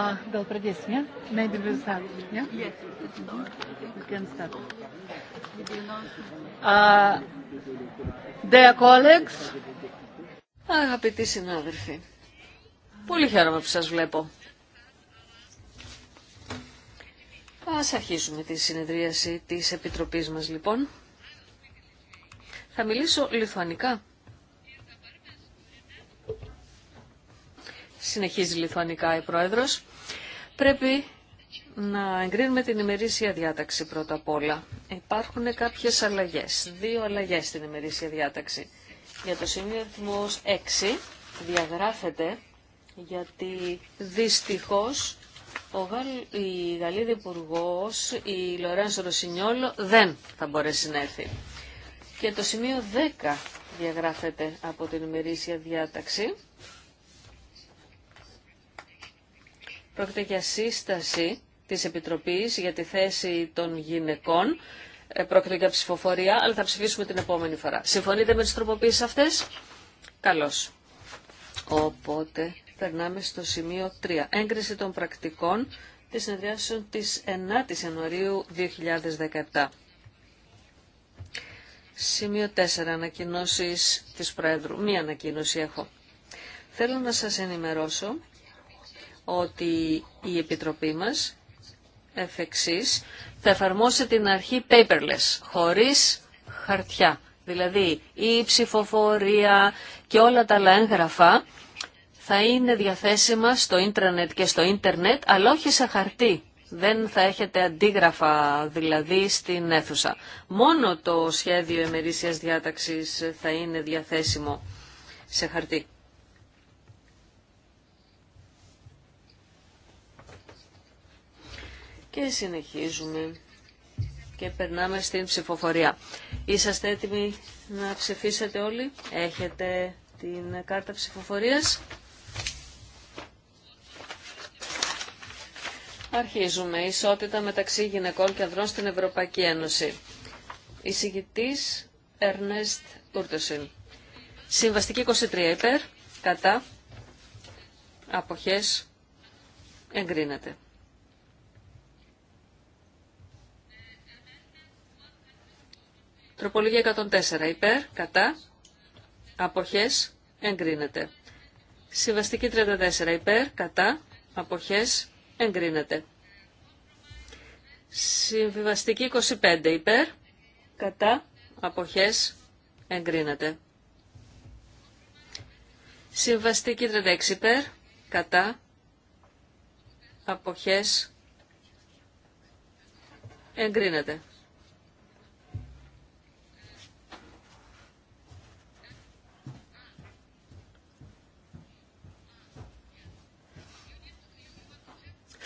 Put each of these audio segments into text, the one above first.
А, gal pradėsim, ja? Maybe we'll start, Yes, we can start. Uh, dear colleagues. Αγαπητοί συνάδελφοι, πολύ χαίρομαι που σας βλέπω. Ας αρχίσουμε τη συνεδρίαση της Επιτροπής μας, λοιπόν. Θα μιλήσω λιθουανικά. συνεχίζει λιθουανικά η Πρόεδρος, πρέπει να εγκρίνουμε την ημερήσια διάταξη πρώτα απ' όλα. Υπάρχουν κάποιες αλλαγές, δύο αλλαγές στην ημερήσια διάταξη. Για το σημείο 6 διαγράφεται γιατί δυστυχώς ο Γαλ, η Γαλλίδη υπουργό, η Λορένσο Ροσινιόλο, δεν θα μπορέσει να έρθει. Και το σημείο 10 διαγράφεται από την ημερήσια διάταξη Πρόκειται για σύσταση της Επιτροπής για τη θέση των γυναικών. Ε, πρόκειται για ψηφοφορία, αλλά θα ψηφίσουμε την επόμενη φορά. Συμφωνείτε με τις τροποποίησεις αυτές? Καλώς. Οπότε περνάμε στο σημείο 3. Έγκριση των πρακτικών της συνεδριάσεων της 9ης Ιανουαρίου 2017. Σημείο 4. Ανακοινώσεις της Πρόεδρου. Μία ανακοίνωση έχω. Θέλω να σας ενημερώσω ότι η Επιτροπή μας εφ' θα εφαρμόσει την αρχή paperless, χωρίς χαρτιά. Δηλαδή η ψηφοφορία και όλα τα άλλα έγγραφα θα είναι διαθέσιμα στο ίντερνετ και στο ίντερνετ, αλλά όχι σε χαρτί. Δεν θα έχετε αντίγραφα δηλαδή στην αίθουσα. Μόνο το σχέδιο εμερήσιας διάταξης θα είναι διαθέσιμο σε χαρτί. Και συνεχίζουμε και περνάμε στην ψηφοφορία. Είσαστε έτοιμοι να ψηφίσετε όλοι. Έχετε την κάρτα ψηφοφορίας. Αρχίζουμε. Ισότητα μεταξύ γυναικών και ανδρών στην Ευρωπαϊκή Ένωση. Εισηγητής Ερνέστ Ούρτεσιν. Συμβαστική 23 υπέρ, κατά, αποχές, εγκρίνεται. Τροπολογία 104 υπέρ, κατά, αποχές, εγκρίνεται. Συμβαστική 34 υπέρ, κατά, αποχές, εγκρίνεται. Συμβαστική 25 υπέρ, κατά, αποχές, εγκρίνεται. Συμβαστική 36 υπέρ, κατά, αποχές, εγκρίνεται.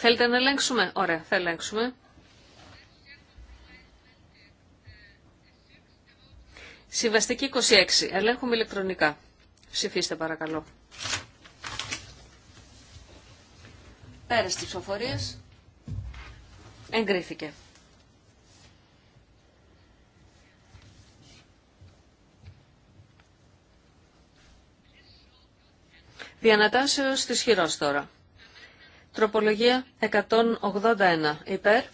Θέλετε να ελέγξουμε. Ωραία, θα ελέγξουμε. Συμβαστική 26. Ελέγχουμε ηλεκτρονικά. Ψηφίστε παρακαλώ. Πέρα στις ψηφοφορίες. Εγκρίθηκε. Διανατάσεως της χειρός τώρα. Τροπολογία 181 υπέρ,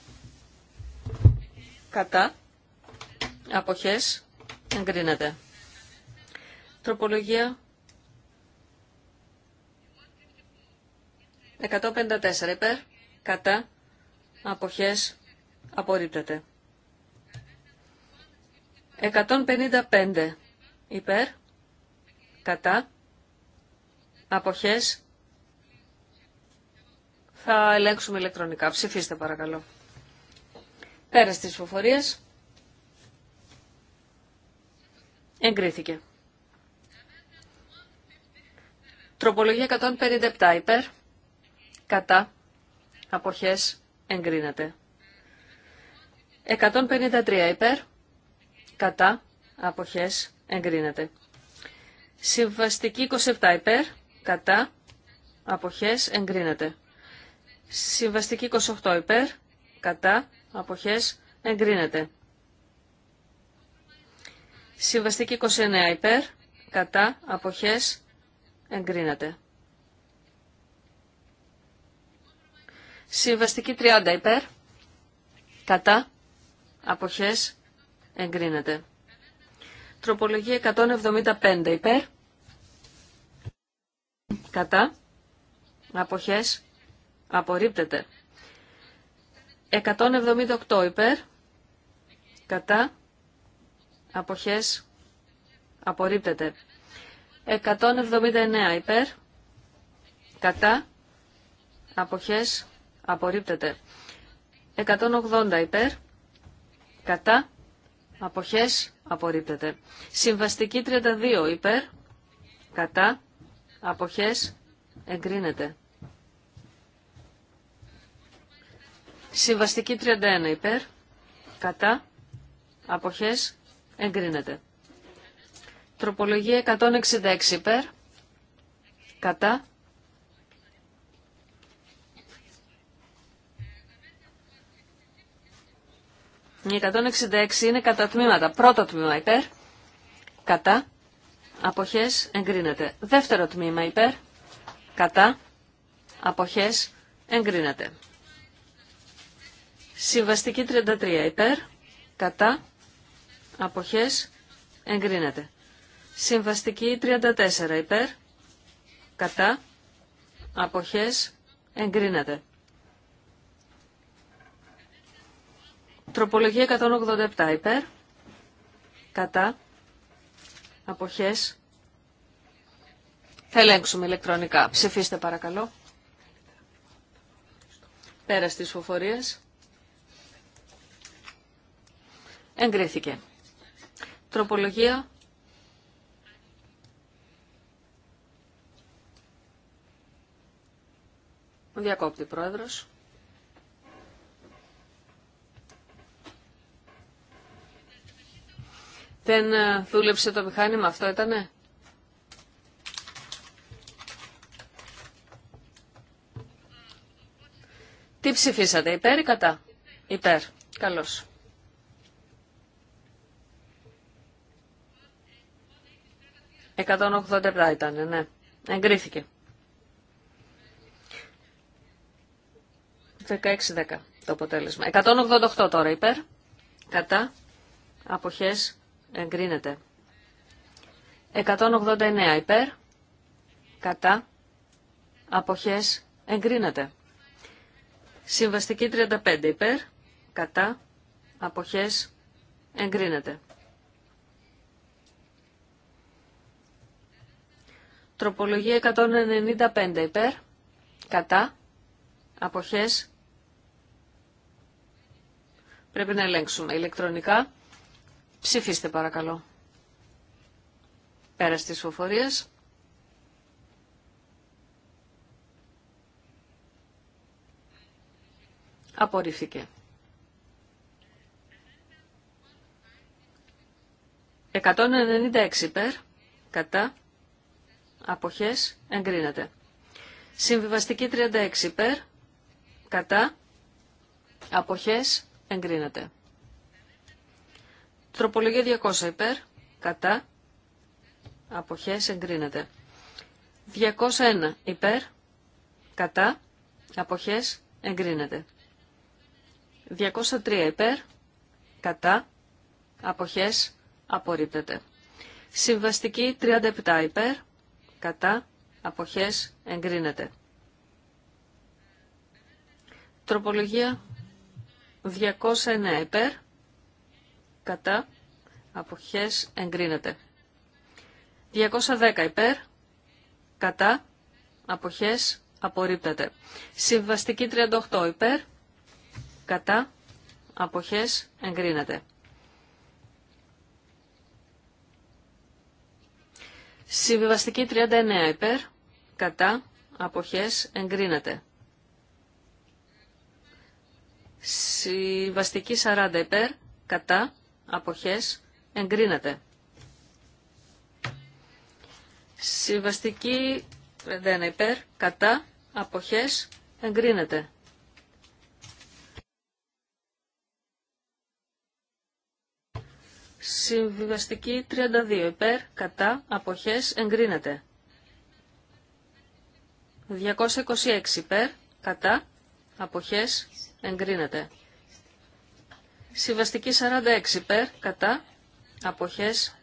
κατά, αποχές, εγκρίνεται. Τροπολογία 154 υπέρ, κατά, αποχές, απορρίπτεται. 155 υπέρ, κατά, αποχές, θα ελέγξουμε ηλεκτρονικά. Ψηφίστε παρακαλώ. Πέρα στις ψηφοφορίες. Εγκρίθηκε. Τροπολογία 157 υπέρ. Κατά. Αποχές. Εγκρίνεται. 153 υπέρ. Κατά. Αποχές. Εγκρίνεται. Συμβαστική 27 υπέρ. Κατά. Αποχές. Εγκρίνεται. Συμβαστική 28 υπέρ, κατά, αποχές, εγκρίνεται. Συμβαστική 29 υπέρ, κατά, αποχές, εγκρίνεται. Συμβαστική 30 υπέρ, κατά, αποχές, εγκρίνεται. Τροπολογία 175 υπέρ, κατά, αποχές, Απορρίπτεται. 178 υπέρ. Κατά. Αποχές. Απορρίπτεται. 179 υπέρ. Κατά. Αποχές. Απορρίπτεται. 180 υπέρ. Κατά. Αποχές. Απορρίπτεται. Συμβαστική 32 υπέρ. Κατά. Αποχές. Εγκρίνεται. Συμβαστική 31 υπέρ, κατά, αποχές, εγκρίνεται. Τροπολογία 166 υπέρ, κατά, Η 166 είναι κατά τμήματα. Πρώτο τμήμα υπέρ, κατά, αποχές εγκρίνεται. Δεύτερο τμήμα υπέρ, κατά, αποχές εγκρίνεται. Συμβαστική 33 υπέρ, κατά, αποχές, εγκρίνεται. Συμβαστική 34 υπέρ, κατά, αποχές, εγκρίνεται. Τροπολογία 187 υπέρ, κατά, αποχές, θα ελέγξουμε ηλεκτρονικά. Ψηφίστε παρακαλώ. Πέρα στις φοφορίες. Εγκρίθηκε. Τροπολογία. Διακόπτη πρόεδρος. Δεν ε, δούλεψε το μηχάνημα, αυτό ήτανε. Τι ψηφίσατε, υπέρ ή κατά. Υπέρ. Καλώς. 187 ήταν, ναι. Εγκρίθηκε. 16-10 το αποτέλεσμα. 188 τώρα υπέρ. Κατά. Αποχές. Εγκρίνεται. 189 υπέρ. Κατά. Αποχές. Εγκρίνεται. Συμβαστική 35 υπέρ. Κατά. Αποχές. Εγκρίνεται. Τροπολογία 195 υπέρ, κατά, αποχές, πρέπει να ελέγξουμε ηλεκτρονικά. Ψηφίστε παρακαλώ. Πέρα στις φοφορίες. Απορρίφθηκε. 196 υπέρ, κατά, αποχές εγκρίνεται. Συμβιβαστική 36 υπέρ, κατά, αποχές εγκρίνεται. Τροπολογία 200 υπέρ, κατά, αποχές εγκρίνεται. 201 υπέρ, κατά, αποχές εγκρίνεται. 203 υπέρ, κατά, αποχές απορρίπτεται. Συμβαστική 37 υπέρ, κατά, αποχές, εγκρίνεται. Τροπολογία 209 υπέρ, κατά, αποχές, εγκρίνεται. 210 υπέρ, κατά, αποχές, απορρίπτεται. Συμβαστική 38 υπέρ, κατά, αποχές, εγκρίνεται. Συμβιβαστική 39 υπέρ, κατά, αποχές, εγκρίνεται. Συμβαστική 40 υπέρ, κατά, αποχές, εγκρίνεται. Συμβαστική 51 υπέρ, κατά, αποχές, εγκρίνεται. Συμβιβαστική 32 υπέρ, κατά, αποχές, εγκρίνεται. 226 υπέρ, κατά, αποχές, εγκρίνεται. Συμβαστική 46 υπέρ, κατά, αποχές,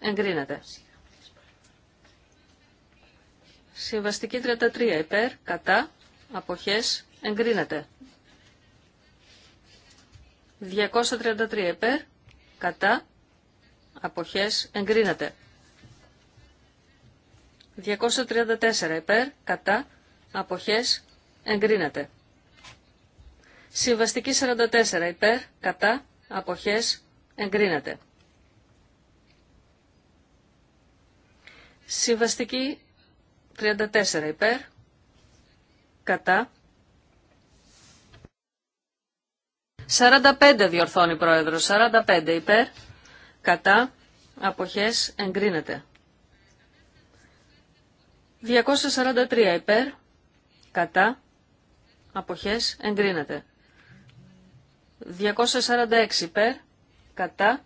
εγκρίνεται. Συμβαστική 33 υπέρ, κατά, αποχές, εγκρίνεται. 233 υπέρ, κατά, αποχές εγκρίνεται. 234 υπέρ, κατά, αποχές εγκρίνεται. Συμβαστική 44 υπέρ, κατά, αποχές εγκρίνεται. Συμβαστική 34 υπέρ, κατά, 45 διορθώνει πρόεδρος, 45 υπέρ, κατά, αποχές, εγκρίνεται. 243 υπέρ, κατά, αποχές, εγκρίνεται. 246 υπέρ, κατά,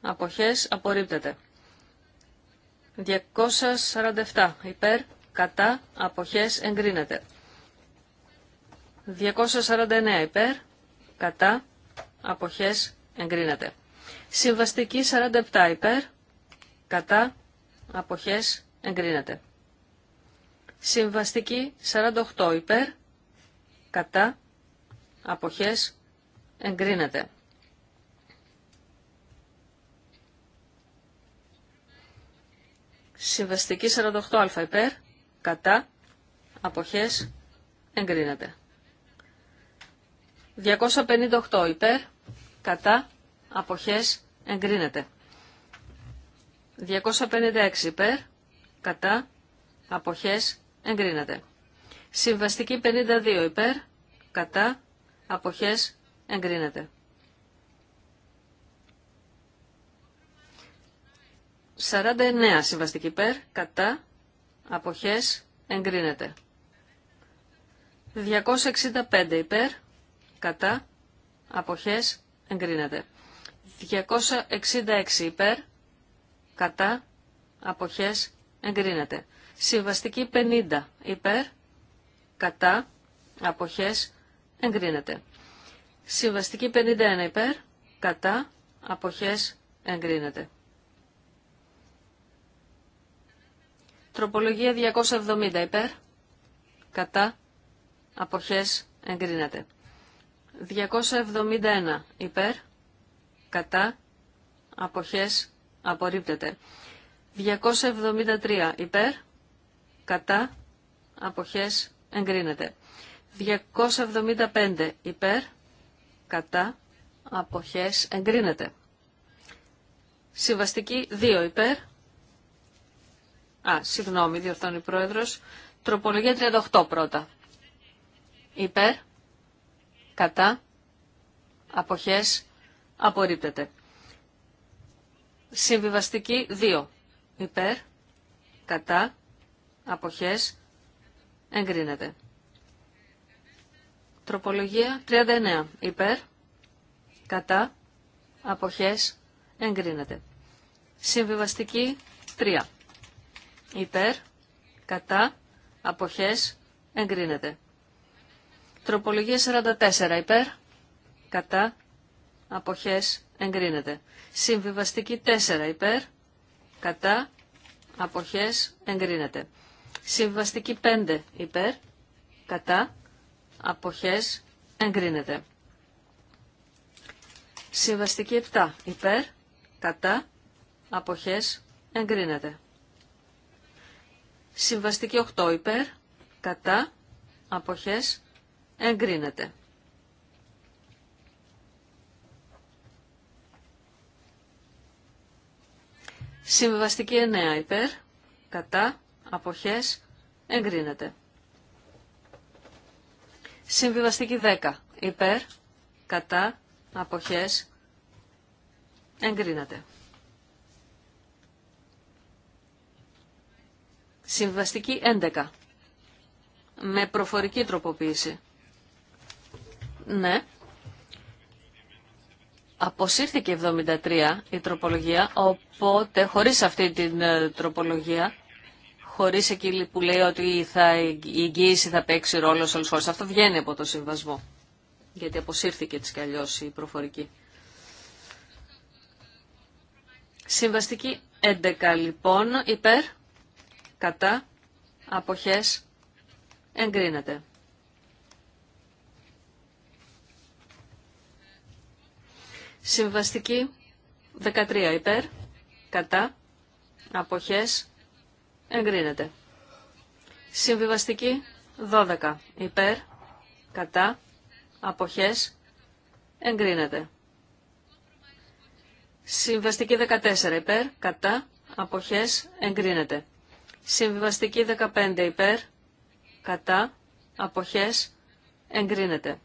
αποχές, απορρίπτεται. 247 υπέρ, κατά, αποχές, εγκρίνεται. 249 υπέρ, κατά, αποχές, εγκρίνεται. Συμβαστική 47 υπέρ, κατά, αποχές, εγκρίνεται. Συμβαστική 48 υπέρ, κατά, αποχές, εγκρίνεται. Συμβαστική 48α υπέρ, κατά, αποχές, εγκρίνεται. 258 υπέρ, κατά, αποχές εγκρίνεται. 256 υπέρ, κατά, αποχές εγκρίνεται. Συμβαστική 52 υπέρ, κατά, αποχές εγκρίνεται. Σαράντα εννέα συμβαστική υπέρ, κατά, αποχές, εγκρίνεται. 265 υπέρ, κατά, αποχές, εγκρίνεται. 266 υπέρ, κατά, αποχές, εγκρίνεται. Συμβαστική 50 υπέρ, κατά, αποχές, εγκρίνεται. Συμβαστική 51 υπέρ, κατά, αποχές, εγκρίνεται. Τροπολογία 270 υπέρ, κατά, αποχές, εγκρίνεται. 271 υπέρ, κατά, αποχές, απορρίπτεται. 273 υπέρ, κατά, αποχές, εγκρίνεται. 275 υπέρ, κατά, αποχές, εγκρίνεται. Συμβαστική 2 υπέρ. Α, συγγνώμη, διορθώνει ο πρόεδρος. Τροπολογία 38 πρώτα. Υπέρ, κατά, αποχές, Απορρίπτεται. Συμβιβαστική 2. Υπέρ, κατά, αποχές, εγκρίνεται. Τροπολογία 39. Υπέρ, κατά, αποχές, εγκρίνεται. Συμβιβαστική 3. Υπέρ, κατά, αποχές, εγκρίνεται. Τροπολογία 44. Υπέρ, κατά, αποχές εγκρίνεται. Συμβιβαστική 4 υπέρ, κατά, αποχές εγκρίνεται. Συμβιβαστική 5 υπέρ, κατά, αποχές εγκρίνεται. Συμβαστική 7 υπέρ, κατά, αποχές εγκρίνεται. Συμβαστική 8 υπέρ, κατά, αποχές εγκρίνεται. Συμβιβαστική 9 υπέρ, κατά, αποχές, εγκρίνεται. Συμβιβαστική 10 υπέρ, κατά, αποχές, εγκρίνεται. Συμβιβαστική 11 με προφορική τροποποίηση. Ναι, Αποσύρθηκε 73 η τροπολογία, οπότε χωρίς αυτή την ε, τροπολογία, χωρίς εκείνη που λέει ότι θα, η εγγύηση θα παίξει ρόλο σε όλες Αυτό βγαίνει από το συμβασμό, γιατί αποσύρθηκε της κι αλλιώς η προφορική. Συμβαστική 11 λοιπόν, υπέρ, κατά, αποχές, εγκρίνεται. Συμβαστική 13 υπέρ, κατά, αποχές, εγκρίνεται. Συμβιβαστική 12 υπέρ, κατά, αποχές, εγκρίνεται. Συμβαστική 14 υπέρ, κατά, αποχές, εγκρίνεται. Συμβιβαστική 15 υπέρ, κατά, αποχές, εγκρίνεται.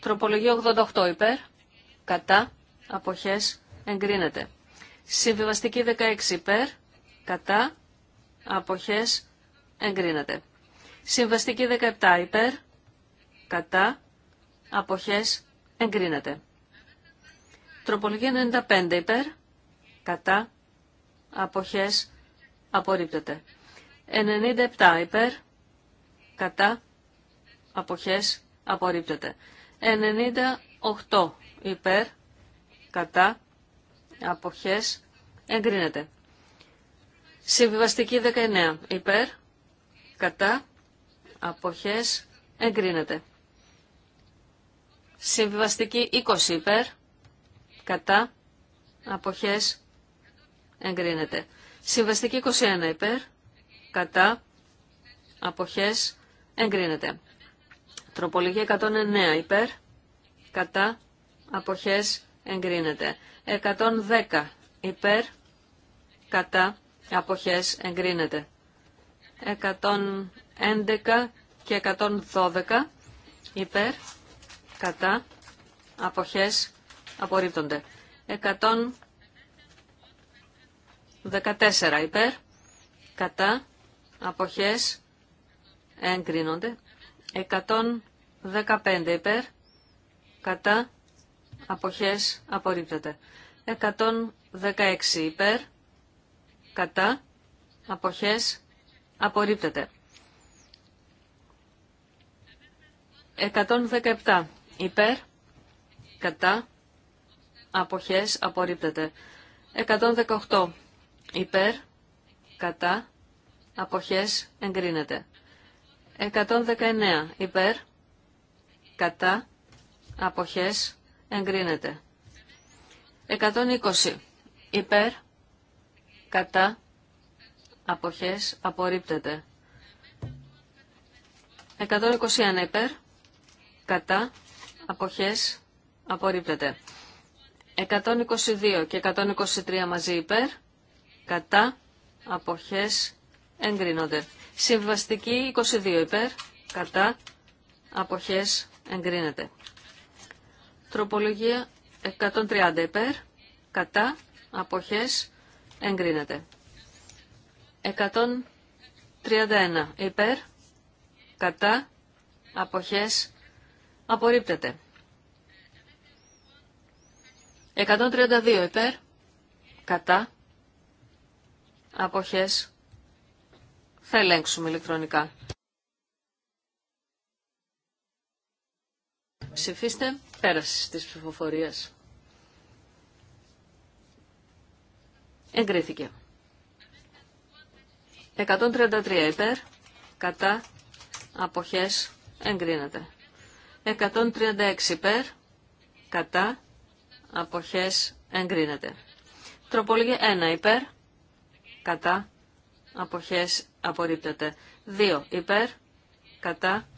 Τροπολογία 88 υπέρ, κατά, αποχές, εγκρίνεται. Συμβιβαστική 16 υπέρ, κατά, αποχές, εγκρίνεται. Συμβαστική 17 υπέρ, κατά, αποχές, εγκρίνεται. Τροπολογία 95 υπέρ, κατά, αποχές, απορρίπτεται. 97 υπέρ, κατά, αποχές, απορρίπτεται. 98 υπέρ, κατά, αποχές, εγκρίνεται. Συμβιβαστική 19 υπέρ, κατά, αποχές, εγκρίνεται. Συμβιβαστική 20 υπέρ, κατά, αποχές, εγκρίνεται. Συμβαστική 21 υπέρ, κατά, αποχές, εγκρίνεται. Τροπολογία 109 υπέρ, κατά, αποχές, εγκρίνεται. 110 υπέρ, κατά, αποχές, εγκρίνεται. 111 και 112 υπέρ, κατά, αποχές, απορρίπτονται. 114 υπέρ, κατά, αποχές, εγκρίνονται. 15 υπέρ, κατά, αποχές, απορρίπτεται. 116 υπέρ, κατά, αποχές, απορρίπτεται. 117 υπέρ, κατά, αποχές, απορρίπτεται. 118 υπέρ, κατά, αποχές, εγκρίνεται. 119 υπέρ, κατά, αποχές, εγκρίνεται. 120. Υπέρ, κατά, αποχές, απορρίπτεται. 121 υπέρ, κατά, αποχές, απορρίπτεται. 122 και 123 μαζί υπέρ, κατά, αποχές, εγκρίνονται. Συμβαστική 22 υπέρ, κατά, αποχές, εγκρίνεται. Τροπολογία 130 υπέρ, κατά, αποχές, εγκρίνεται. 131 υπέρ, κατά, αποχές, απορρίπτεται. 132 υπέρ, κατά, αποχές, θα ελέγξουμε ηλεκτρονικά. Ψηφίστε πέραση της ψηφοφορίας. Εγκρίθηκε. 133 υπέρ, κατά, αποχές, εγκρίνεται. 136 υπέρ, κατά, αποχές, εγκρίνεται. Τροπολογία 1 υπέρ, κατά, αποχές, απορρίπτεται. 2 υπέρ, κατά,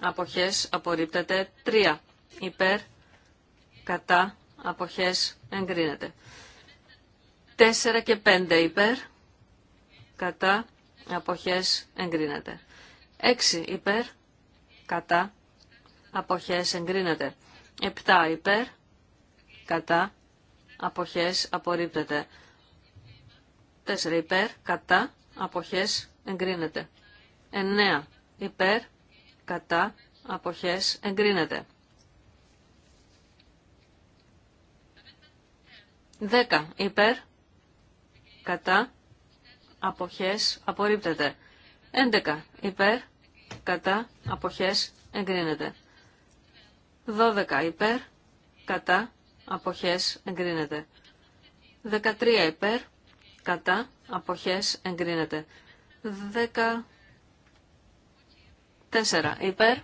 αποχές απορρίπτεται 3 υπέρ κατά αποχές εγκρίνεται 4 και 5 υπέρ κατά αποχές εγκρίνεται 6 υπέρ κατά αποχές εγκρίνεται 7 υπέρ κατά αποχές απορρίπτεται 4 υπέρ κατά αποχές εγκρίνεται 9 υπέρ κατά αποχές εγκρίνεται. 10 υπέρ κατά αποχές απορρίπτεται. 11 υπέρ κατά αποχές εγκρίνεται. 12 υπέρ κατά αποχές εγκρίνεται. 13 υπέρ κατά αποχές εγκρίνεται. 10. 4 υπέρ,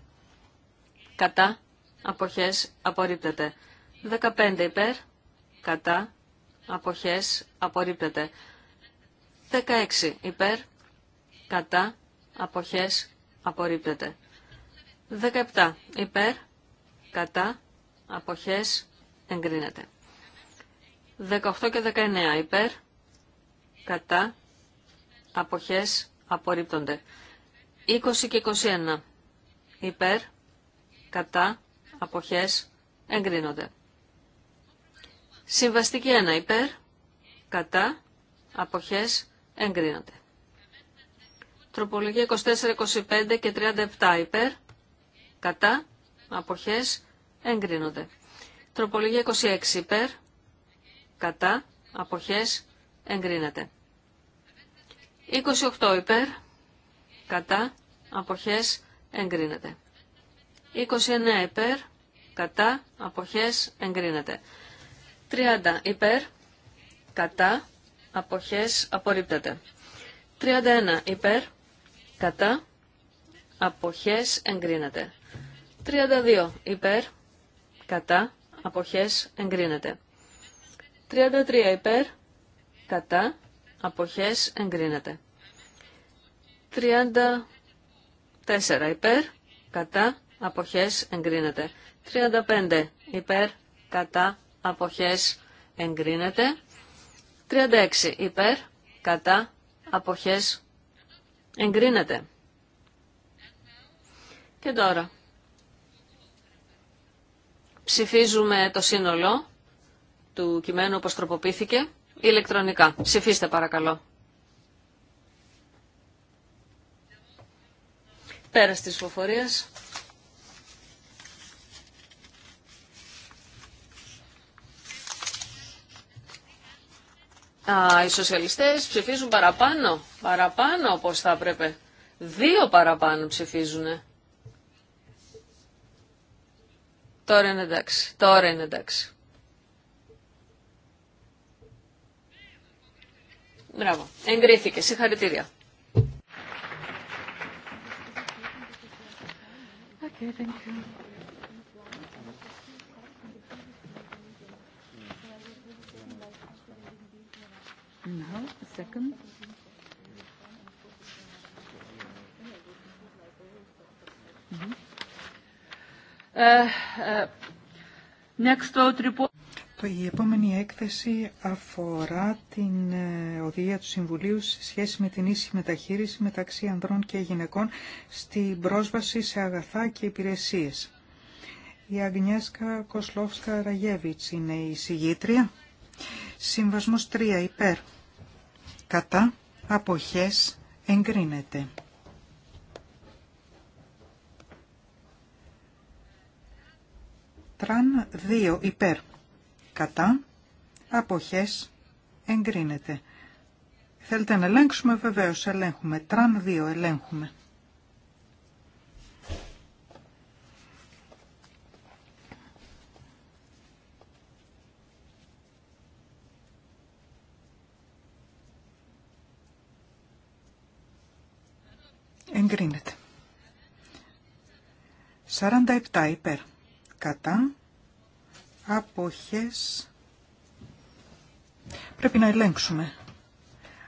κατά, αποχές, απορρίπτεται. 15 υπέρ, κατά, αποχές, απορρίπτεται. 16 υπέρ, κατά, αποχές, απορρίπτεται. 17 υπέρ, κατά, αποχές, εγκρίνεται. 18 και 19 υπέρ, κατά, αποχές, απορρίπτονται. 20 και 21 υπέρ, κατά, αποχές, εγκρίνονται. Συμβαστική 1 υπέρ, κατά, αποχές, εγκρίνονται. Τροπολογία 24, 25 και 37 υπέρ, κατά, αποχές, εγκρίνονται. Τροπολογία 26 υπέρ, κατά, αποχές, εγκρίνεται. 28 υπέρ, κατά, αποχές, εγκρίνεται. 29 υπέρ, κατά, αποχές, εγκρίνεται. 30 υπέρ, κατά, αποχές, απορρίπτεται. 31 υπέρ, κατά, αποχές, εγκρίνεται. 32 υπέρ, κατά, αποχές, εγκρίνεται. 33 υπέρ, κατά, αποχές, εγκρίνεται. 34 υπέρ, κατά, αποχές εγκρίνεται. 35 υπέρ, κατά, αποχές εγκρίνεται. 36 υπέρ, κατά, αποχές εγκρίνεται. Και τώρα ψηφίζουμε το σύνολο του κειμένου όπως τροποποιήθηκε ηλεκτρονικά. Ψηφίστε παρακαλώ. Πέρας της φοφορίας, Α, οι σοσιαλιστές ψηφίζουν παραπάνω, παραπάνω όπως θα έπρεπε. Δύο παραπάνω ψηφίζουνε. Τώρα είναι εντάξει, τώρα είναι εντάξει. Μπράβο, εγκρίθηκε, συγχαρητήρια. Okay, thank you. Now, the second. Next vote report. Η επόμενη έκθεση αφορά την ε, οδηγία του Συμβουλίου σε σχέση με την ίση μεταχείριση μεταξύ ανδρών και γυναικών στην πρόσβαση σε αγαθά και υπηρεσίες. Η Αγνιέσκα Κοσλόφσκα Ραγεύιτς είναι η συγγήτρια. Συμβασμός 3 υπέρ. Κατά αποχές εγκρίνεται. Τραν 2 υπέρ κατά, αποχές, εγκρίνεται. Θέλετε να ελέγξουμε, βεβαίως ελέγχουμε. Τραν 2 ελέγχουμε. Εγκρίνεται. 47 υπέρ. Κατά αποχές πρέπει να ελέγξουμε.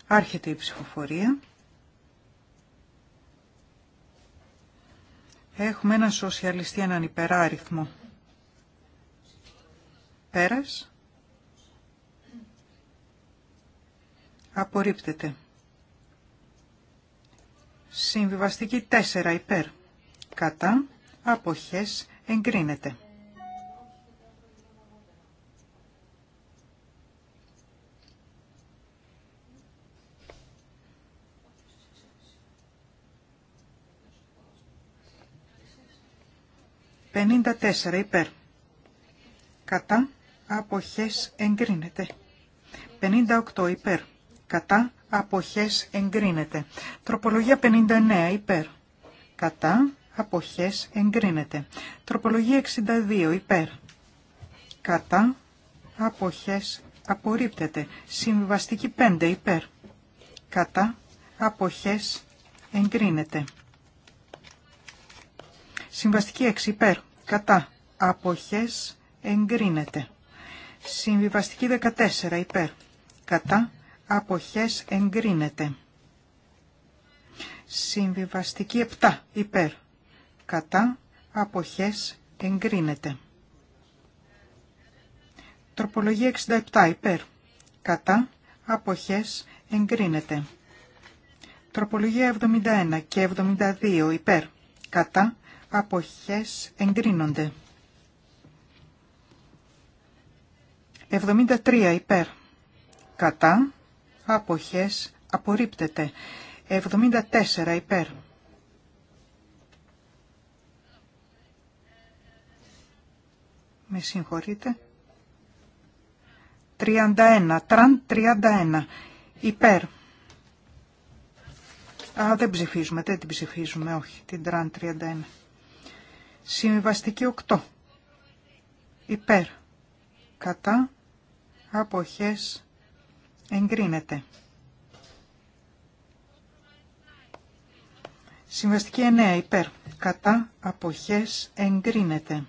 Άρχεται η ψηφοφορία. Έχουμε έναν σοσιαλιστή, έναν υπεράριθμο. Πέρας. Απορρίπτεται. Συμβιβαστική 4 υπέρ. Κατά. Αποχές εγκρίνεται. 54 υπέρ. Κατά αποχές εγκρίνεται. 58 υπέρ. Κατά αποχές εγκρίνεται. Τροπολογία 59 υπέρ. Κατά αποχές εγκρίνεται. Τροπολογία 62 υπέρ. Κατά αποχές απορρίπτεται. Συμβιβαστική 5 υπέρ. Κατά αποχές εγκρίνεται. Συμβαστική 6 υπέρ κατά, αποχές, εγκρίνεται. Συμβιβαστική 14 υπέρ, κατά, αποχές, εγκρίνεται. Συμβιβαστική 7 υπέρ, κατά, αποχές, εγκρίνεται. Τροπολογία 67 υπέρ, κατά, αποχές, εγκρίνεται. Τροπολογία 71 και 72 υπέρ, κατά, αποχές εγκρίνονται. 73 υπέρ. Κατά. Αποχές απορρίπτεται. 74 υπέρ. Με συγχωρείτε. 31. Τραν 31. Υπέρ. Α, δεν ψηφίζουμε, δεν την ψηφίζουμε, όχι, την Τραν 31. Συμβαστική 8. Υπέρ. Κατά. Αποχές. Εγκρίνεται. Συμβαστική 9. Υπέρ. Κατά. Αποχές. Εγκρίνεται.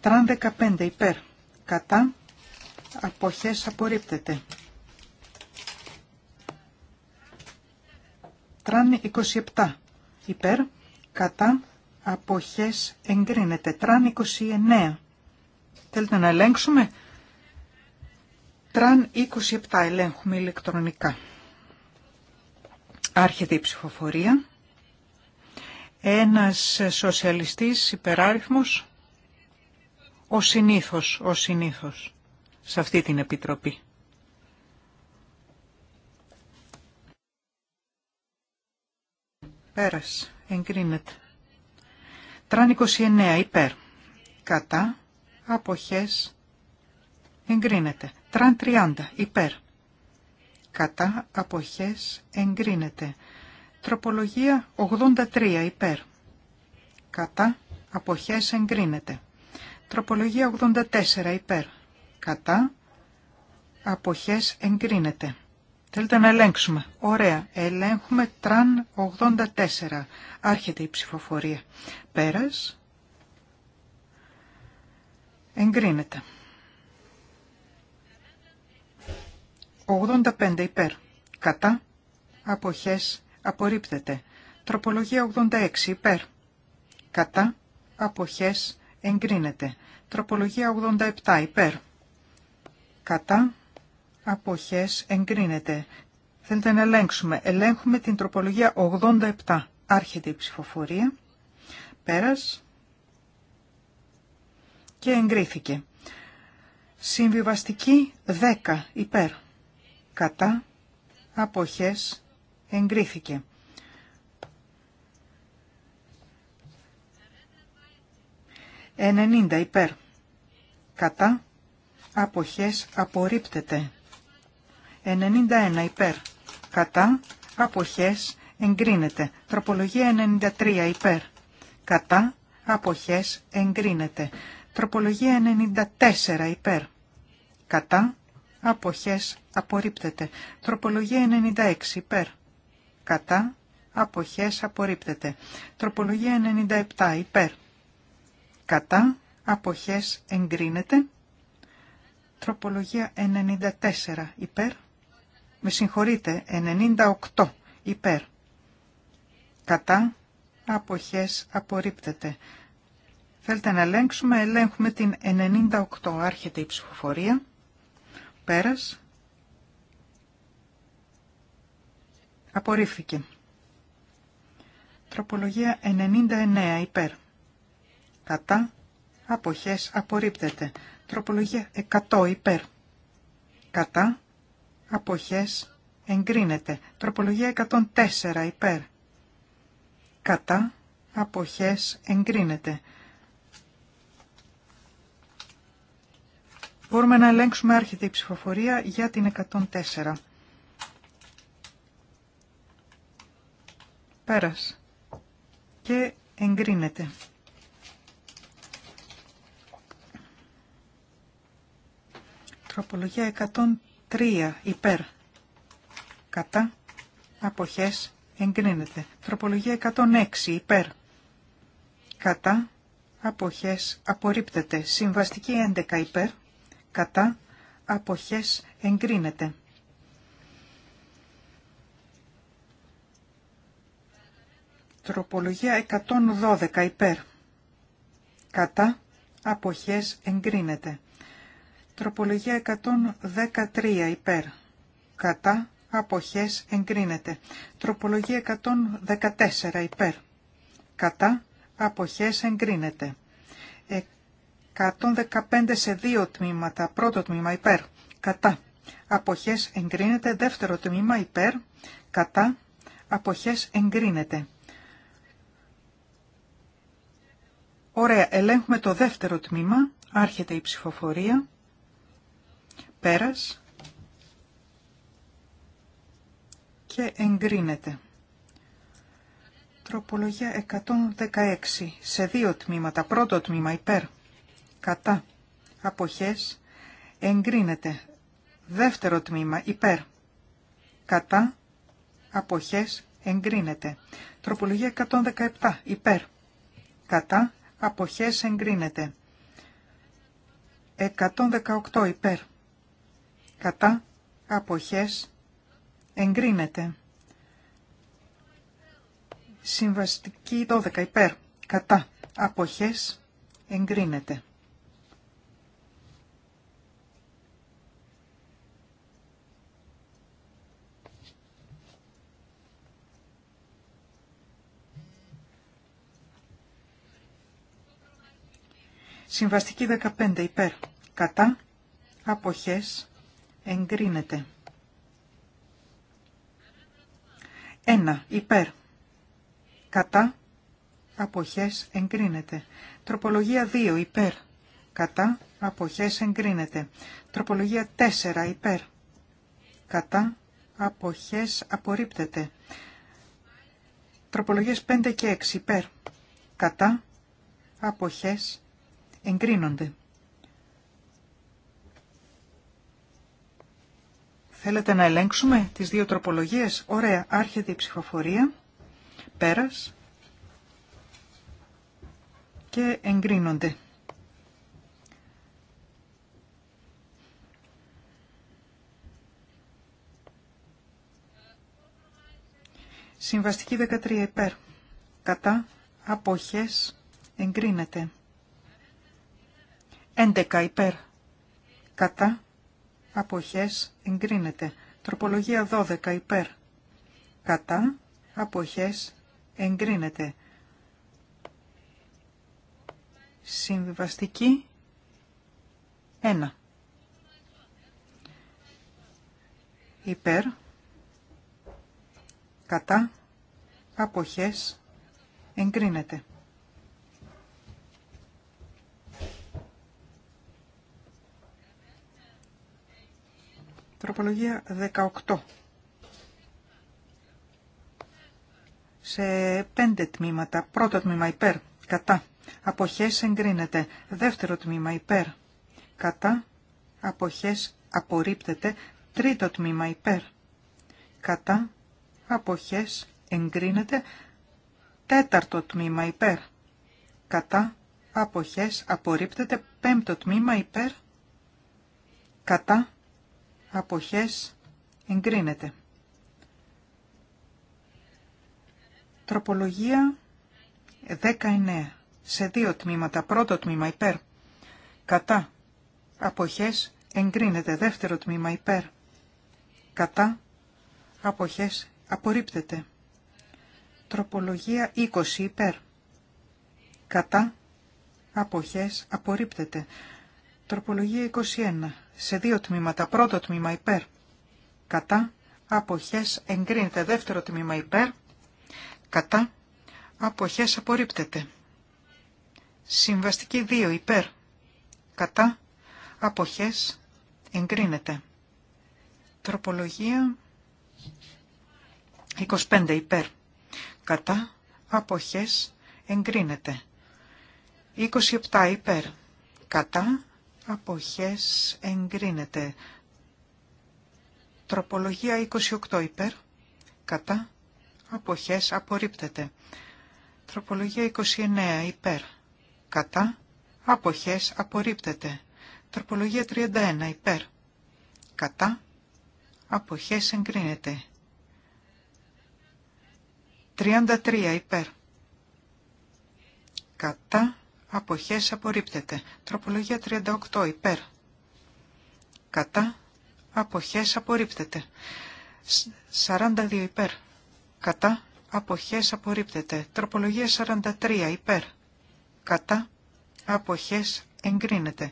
Τραν 15. Υπέρ. Κατά. Αποχές. Απορρίπτεται. Τραν 27 υπέρ, κατά, αποχές εγκρίνεται. Τραν 29. Θέλετε να ελέγξουμε. Τραν 27 ελέγχουμε ηλεκτρονικά. Άρχεται η ψηφοφορία. Ένας σοσιαλιστής υπεράριθμος, ο συνήθως, ο συνήθως, σε αυτή την επιτροπή. Πέρας. Εγκρίνεται. Τραν 29 υπέρ. Κατά. Αποχές. Εγκρίνεται. Τραν 30 υπέρ. Κατά. Αποχές. Εγκρίνεται. Τροπολογία 83 υπέρ. Κατά. Αποχές. Εγκρίνεται. Τροπολογία 84 υπέρ. Κατά. Αποχές εγκρίνεται. Θέλετε να ελέγξουμε. Ωραία. Ελέγχουμε τραν 84. Άρχεται η ψηφοφορία. Πέρας. Εγκρίνεται. 85 υπέρ. Κατά. Αποχές. Απορρίπτεται. Τροπολογία 86 υπέρ. Κατά. Αποχές. Εγκρίνεται. Τροπολογία 87 υπέρ. Κατά αποχές εγκρίνεται. Θέλετε να ελέγξουμε. Ελέγχουμε την τροπολογία 87. Άρχεται η ψηφοφορία. Πέρας. Και εγκρίθηκε. Συμβιβαστική 10 υπέρ. Κατά. Αποχές εγκρίθηκε. 90 υπέρ. Κατά. Αποχές απορρίπτεται. 91 υπέρ. Κατά. Αποχές. Εγκρίνεται. Τροπολογία 93 υπέρ. Κατά. Αποχές. Εγκρίνεται. Τροπολογία 94 υπέρ. Κατά. Αποχές. Απορρίπτεται. Τροπολογία 96 υπέρ. Κατά. Αποχές. Απορρίπτεται. Τροπολογία 97 υπέρ. Κατά. Αποχές. Εγκρίνεται. Τροπολογία 94 υπέρ με συγχωρείτε, 98 υπέρ. Κατά αποχές απορρίπτεται. Θέλετε να ελέγξουμε, ελέγχουμε την 98, άρχεται η ψηφοφορία. Πέρας. Απορρίφθηκε. Τροπολογία 99 υπέρ. Κατά αποχές απορρίπτεται. Τροπολογία 100 υπέρ. Κατά αποχές εγκρίνεται. Τροπολογία 104 υπέρ. Κατά αποχές εγκρίνεται. Μπορούμε να ελέγξουμε άρχεται ψηφοφορία για την 104. Πέρας. Και εγκρίνεται. Τροπολογία 3 υπέρ κατά αποχές εγκρίνεται. Τροπολογία 106 υπέρ κατά αποχές απορρίπτεται. Συμβαστική 11 υπέρ κατά αποχές εγκρίνεται. Τροπολογία 112 υπέρ. Κατά αποχές εγκρίνεται. Τροπολογία 113 υπέρ. Κατά αποχές εγκρίνεται. Τροπολογία 114 υπέρ. Κατά αποχές εγκρίνεται. 115 σε δύο τμήματα. Πρώτο τμήμα υπέρ. Κατά. Αποχές εγκρίνεται. Δεύτερο τμήμα υπέρ. Κατά. Αποχές εγκρίνεται. Ωραία, ελέγχουμε το δεύτερο τμήμα. Άρχεται η ψηφοφορία. Πέρας. Και εγκρίνεται. Τροπολογία 116 σε δύο τμήματα. Πρώτο τμήμα υπέρ. Κατά. Αποχές. Εγκρίνεται. Δεύτερο τμήμα υπέρ. Κατά. Αποχές. Εγκρίνεται. Τροπολογία 117 υπέρ. Κατά. Αποχές εγκρίνεται. 118 υπέρ κατά αποχές εγκρίνεται. Συμβαστική 12 υπέρ κατά αποχές εγκρίνεται. Συμβαστική 15 υπέρ κατά αποχές Εγκρίνεται. Ένα. Υπέρ. Κατά. Αποχές εγκρίνεται. Τροπολογία 2. Υπέρ. Κατά. Αποχές εγκρίνεται. Τροπολογία 4. Υπέρ. Κατά. Αποχές απορρίπτεται. Τροπολογίες 5 και 6. Υπέρ. Κατά. Αποχές εγκρίνονται. Θέλετε να ελέγξουμε τις δύο τροπολογίες. Ωραία, άρχεται η ψηφοφορία. Πέρας. Και εγκρίνονται. Συμβαστική 13 υπέρ. Κατά αποχές εγκρίνεται. 11 υπέρ. Κατά αποχές εγκρίνεται. Τροπολογία 12 υπέρ. Κατά αποχές εγκρίνεται. Συμβιβαστική 1. Υπέρ. Κατά αποχές εγκρίνεται. Τροπολογία 18. Σε πέντε τμήματα. Πρώτο τμήμα υπέρ. Κατά. Αποχές εγκρίνεται. Δεύτερο τμήμα υπέρ. Κατά. Αποχές απορρίπτεται. Τρίτο τμήμα υπέρ. Κατά. Αποχές εγκρίνεται. Τέταρτο τμήμα υπέρ. Κατά. Αποχές απορρίπτεται. Πέμπτο τμήμα υπέρ. Κατά αποχές εγκρίνεται. Τροπολογία 19 σε δύο τμήματα. Πρώτο τμήμα υπέρ. Κατά. Αποχές εγκρίνεται. Δεύτερο τμήμα υπέρ. Κατά. Αποχές απορρίπτεται. Τροπολογία 20 υπέρ. Κατά. Αποχές απορρίπτεται. Τροπολογία 21 σε δύο τμήματα. Πρώτο τμήμα υπέρ, κατά, αποχές εγκρίνεται. Δεύτερο τμήμα υπέρ, κατά, αποχές απορρίπτεται. Συμβαστική 2 υπέρ, κατά, αποχές εγκρίνεται. Τροπολογία 25 υπέρ, κατά, αποχές εγκρίνεται. 27 υπέρ, κατά, αποχές εγκρίνεται. Τροπολογία 28 υπέρ, κατά, αποχές απορρίπτεται. Τροπολογία 29 υπέρ, κατά, αποχές απορρίπτεται. Τροπολογία 31 υπέρ, κατά, αποχές εγκρίνεται. 33 υπέρ, κατά, αποχές απορρίπτεται. Τροπολογία 38 υπέρ. Κατά αποχές απορρίπτεται. 42 υπέρ. Κατά αποχές απορρίπτεται. Τροπολογία 43 υπέρ. Κατά αποχές εγκρίνεται.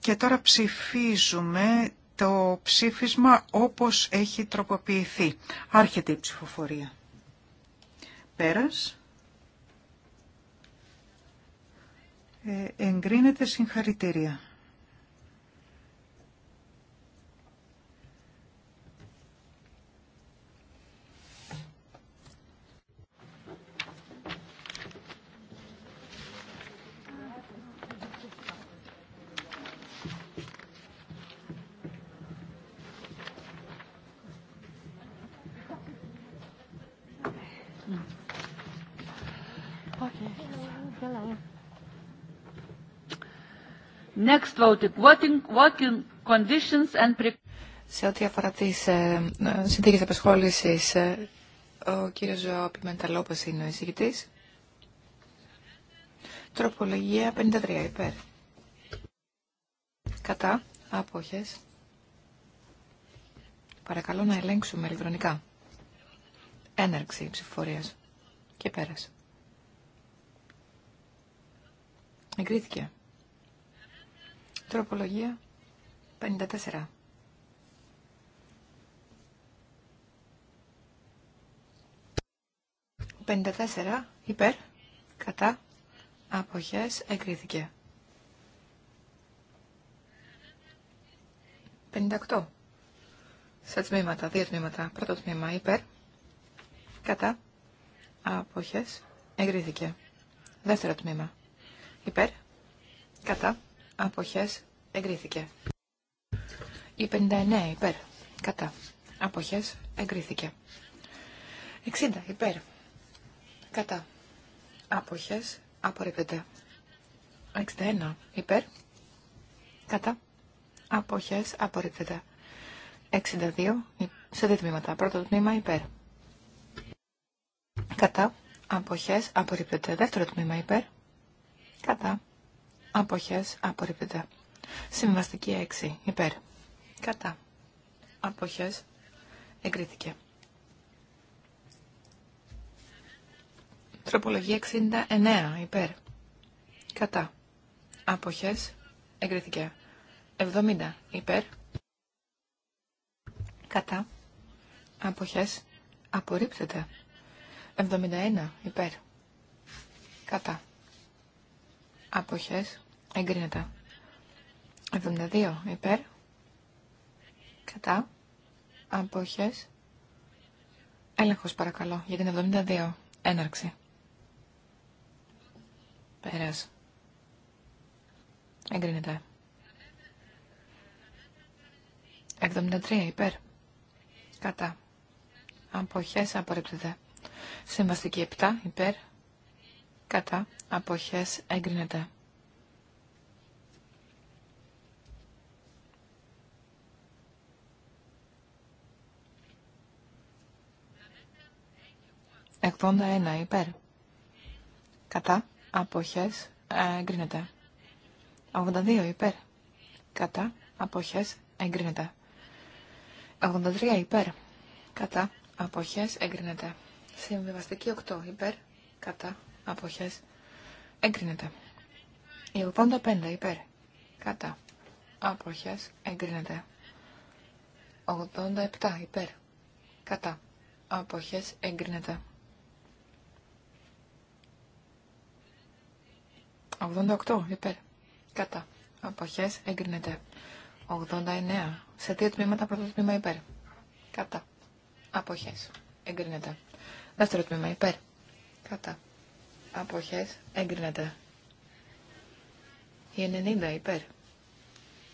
Και τώρα ψηφίζουμε το ψήφισμα όπως έχει τροποποιηθεί. Άρχεται η ψηφοφορία. Πέρας. Ε, εγκρίνεται συγχαρητήρια. σε ό,τι αφορά τι ε, ε, συνθήκες απασχόληση, ε, ο κύριο Ζωάπη είναι ο εισηγητή. Τροπολογία 53 υπέρ. Κατά απόχε. Παρακαλώ να ελέγξουμε ηλεκτρονικά. Έναρξη ψηφοφορία. Και πέρασε. Εγκρίθηκε. Τροπολογία 54. «54 υπέρ, κατά, αποχές, εγκρίθηκε». 58. Σε τμήματα, δύο τμήματα. Πρώτο τμήμα υπέρ, κατά, αποχές, εγκρίθηκε. Δεύτερο τμήμα υπέρ, κατά, αποχές εγκρίθηκε. Η 59 υπέρ κατά αποχές εγκρίθηκε. 60 υπέρ κατά αποχές απορρίπτεται. 61 υπέρ κατά αποχές απορρίπτεται. 62 σε δύο τμήματα. Πρώτο τμήμα υπέρ. Κατά αποχές απορρίπτεται. Δεύτερο τμήμα υπέρ. Κατά Αποχές απορρίπτεται. Συμβαστική 6. Υπέρ. Κατά. Αποχές εγκρίθηκε. Τροπολογία 69. Υπέρ. Κατά. Αποχές εγκρίθηκε. 70. Υπέρ. Κατά. Αποχές απορρίπτεται. 71. Υπέρ. Κατά. Αποχές. Εγκρίνεται. 72 υπέρ. Κατά. Αποχές. Έλεγχος παρακαλώ για την 72. Έναρξη. Πέρας. Εγκρίνεται. 73 υπέρ. Κατά. Αποχές απορρίπτεται. Συμβαστική 7 υπέρ κατά αποχές έγκρινεται. 81 ένα υπέρ. Κατά αποχές έγκρινεται. 82 υπέρ. Κατά αποχές έγκρινεται. 83 υπέρ. Κατά αποχές έγκρινεται. Συμβιβαστική 8 υπέρ. Κατά αποχές εγκρίνεται. Η 85 υπέρ κατά αποχές εγκρίνεται. 87 υπέρ κατά αποχές εγκρίνεται. 88 υπέρ κατά αποχές εγκρίνεται. 89 σε δύο τμήματα πρώτο τμήμα υπέρ κατά αποχές εγκρίνεται. Δεύτερο τμήμα υπέρ κατά αποχές έγκρινεται. Η 90 υπέρ.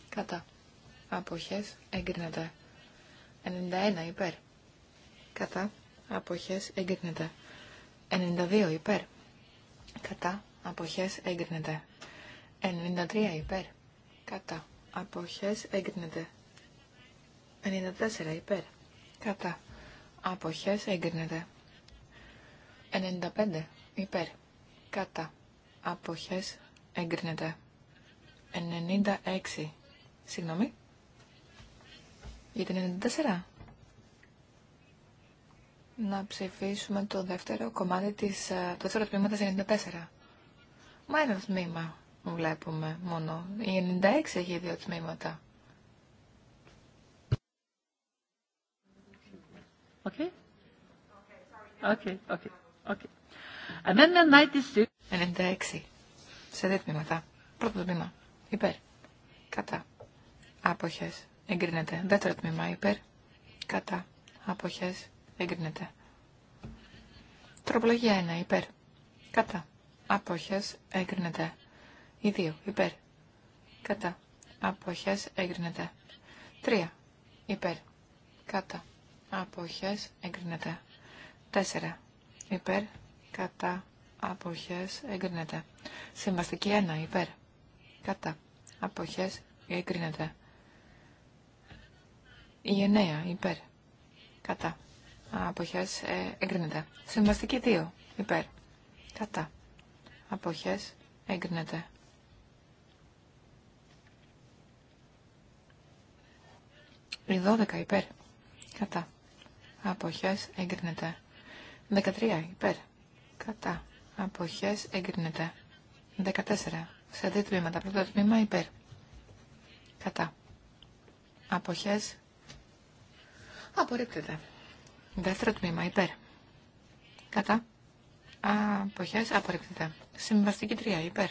Κατά. Αποχές έγκρινεται. 91 υπέρ. Κατά. Αποχές έγκρινεται. 92 υπέρ. Κατά. Αποχές έγκρινεται. 93 υπέρ. Κατά. Αποχές έγκρινεται. 94 υπέρ. Κατά. Αποχές έγκρινεται. 95 υπέρ κατά αποχές εγκρίνεται 96 συγγνώμη για την 94 να ψηφίσουμε το δεύτερο κομμάτι της, ε, το δεύτερο τμήμα της 94 μα ένα τμήμα βλέπουμε μόνο η 96 έχει δύο τμήματα Okay. Okay, okay, okay. Amendment 96. 96. Σε δύο τμήματα. Πρώτο τμήμα. Υπέρ. Κατά. Άποχε. Εγκρίνεται. Δεύτερο τμήμα. Υπέρ. Κατά. Άποχε. Εγκρίνεται. Τροπολογία 1. Υπέρ. Κατά. Άποχε. Εγκρίνεται. Η 2. Υπέρ. Κατά. Άποχε. Εγκρίνεται. 3. Υπέρ. Κατά. Άποχε. Εγκρίνεται. 4. Υπέρ κατά αποχές εγκρίνεται. Συμβαστική 1 υπέρ κατά αποχές εγκρίνεται. Η 9 υπέρ κατά αποχές ε, εγκρίνεται. Συμβαστική 2 υπέρ κατά αποχές εγκρίνεται. Η 12 υπέρ κατά αποχές εγκρίνεται. 13 υπέρ Κατά. Αποχές εγκρίνεται. 14. Σε δύο τμήματα. Πρώτο τμήμα υπέρ. Κατά. Αποχές απορρίπτεται. Δεύτερο τμήμα υπέρ. Κατά. Αποχές απορρίπτεται. Συμβαστική 3 υπέρ.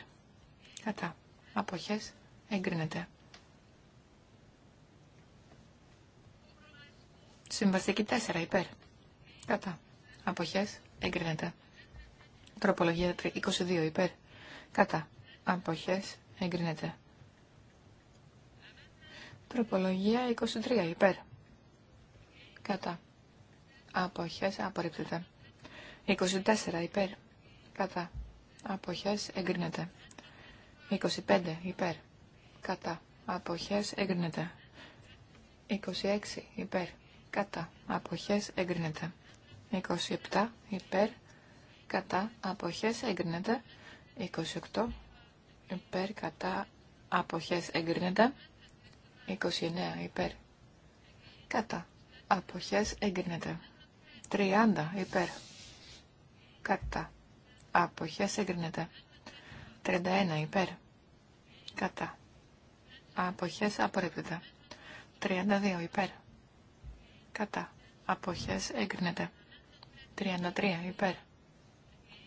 Κατά. Αποχές εγκρίνεται. Συμβαστική 4 υπέρ. Κατά. Αποχές εγκρίνεται. Τροπολογία 22 υπέρ. Κατά. Αποχές εγκρίνεται. Τροπολογία 23 υπέρ. Κατά. Αποχές απορρίπτεται. 24 υπέρ. Κατά. Αποχές εγκρίνεται. 25 υπέρ. Κατά. Αποχές εγκρίνεται. 26 υπέρ. Κατά. Αποχές εγκρίνεται. 27 υπέρ κατά αποχές εγκρίνεται. 28 υπέρ κατά αποχές εγκρίνεται. 29 υπέρ κατά αποχές εγκρίνεται. 30 υπέρ κατά αποχές εγκρίνεται. 31 υπέρ κατά αποχές απορρίπτεται. 32 υπέρ κατά αποχές εγκρίνεται. 33 υπέρ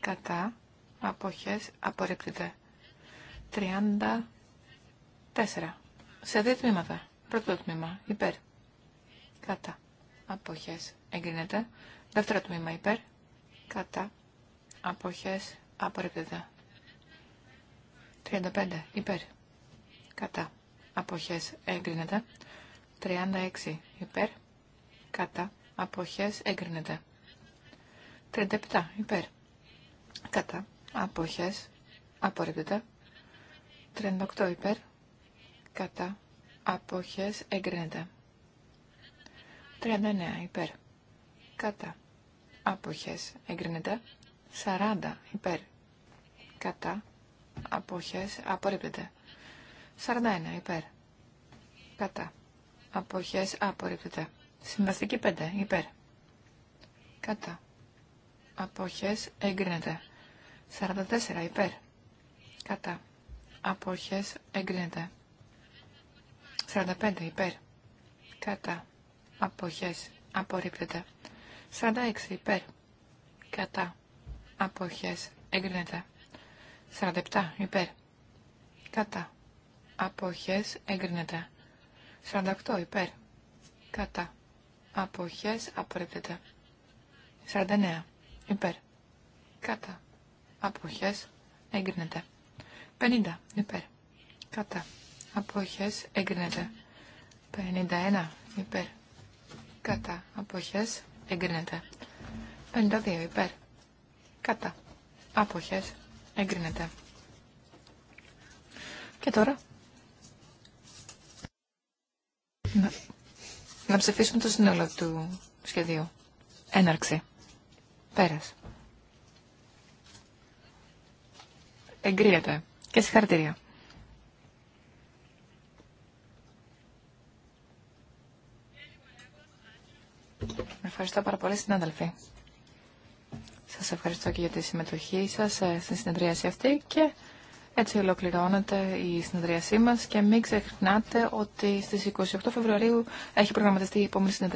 κατά, αποχές, απορρίπτεται. 34. Σε δύο τμήματα. Πρώτο τμήμα, υπέρ, κατά, αποχές, εγκρίνεται. Δεύτερο τμήμα, υπέρ, κατά, αποχές, απορρίπτεται. 35. Υπέρ. Κατά. Αποχές έγκρινεται. 36. Υπέρ. Κατά. Αποχές έγκρινεται. 37. Υπέρ. Κατά. Αποχές. Απορρίπτεται. 38 υπέρ. Κατά. Αποχές. Εγκρίνεται. 39 υπέρ. Κατά. Αποχές. Εγκρίνεται. 40 υπέρ. Κατά. Αποχές. Απορρίπτεται. 41 υπέρ. Κατά. Αποχές. Απορρίπτεται. Συμβαστική 5 υπέρ. Κατά αποχές εγκρίνεται. 44 υπέρ. Κατά. Αποχές εγκρίνεται. 45 υπέρ. Κατά. Αποχές απορρίπτεται. 46 υπέρ. Κατά. Αποχές εγκρίνεται. 47 υπέρ. Κατά. Αποχές εγκρίνεται. 48 υπέρ. Κατά. Αποχές απορρίπτεται. 49 υπέρ, κατά, αποχές, εγκρίνεται. 50 υπέρ, κατά, αποχές, εγκρίνεται. 51 υπέρ, κατά, αποχές, εγκρίνεται. 52 υπέρ, κατά, αποχές, εγκρίνεται. Και τώρα, να, να ψηφίσουμε το σύνολο του σχεδίου. Έναρξη. Πέρας. Εγκρίνεται. Και συγχαρητήρια. Ευχαριστώ πάρα πολύ, συνάδελφοι. Σας ευχαριστώ και για τη συμμετοχή σας ε, στην συνεδρίαση αυτή και έτσι ολοκληρώνεται η συνεδρίασή μας και μην ξεχνάτε ότι στις 28 Φεβρουαρίου έχει προγραμματιστεί η επόμενη συνεδρία.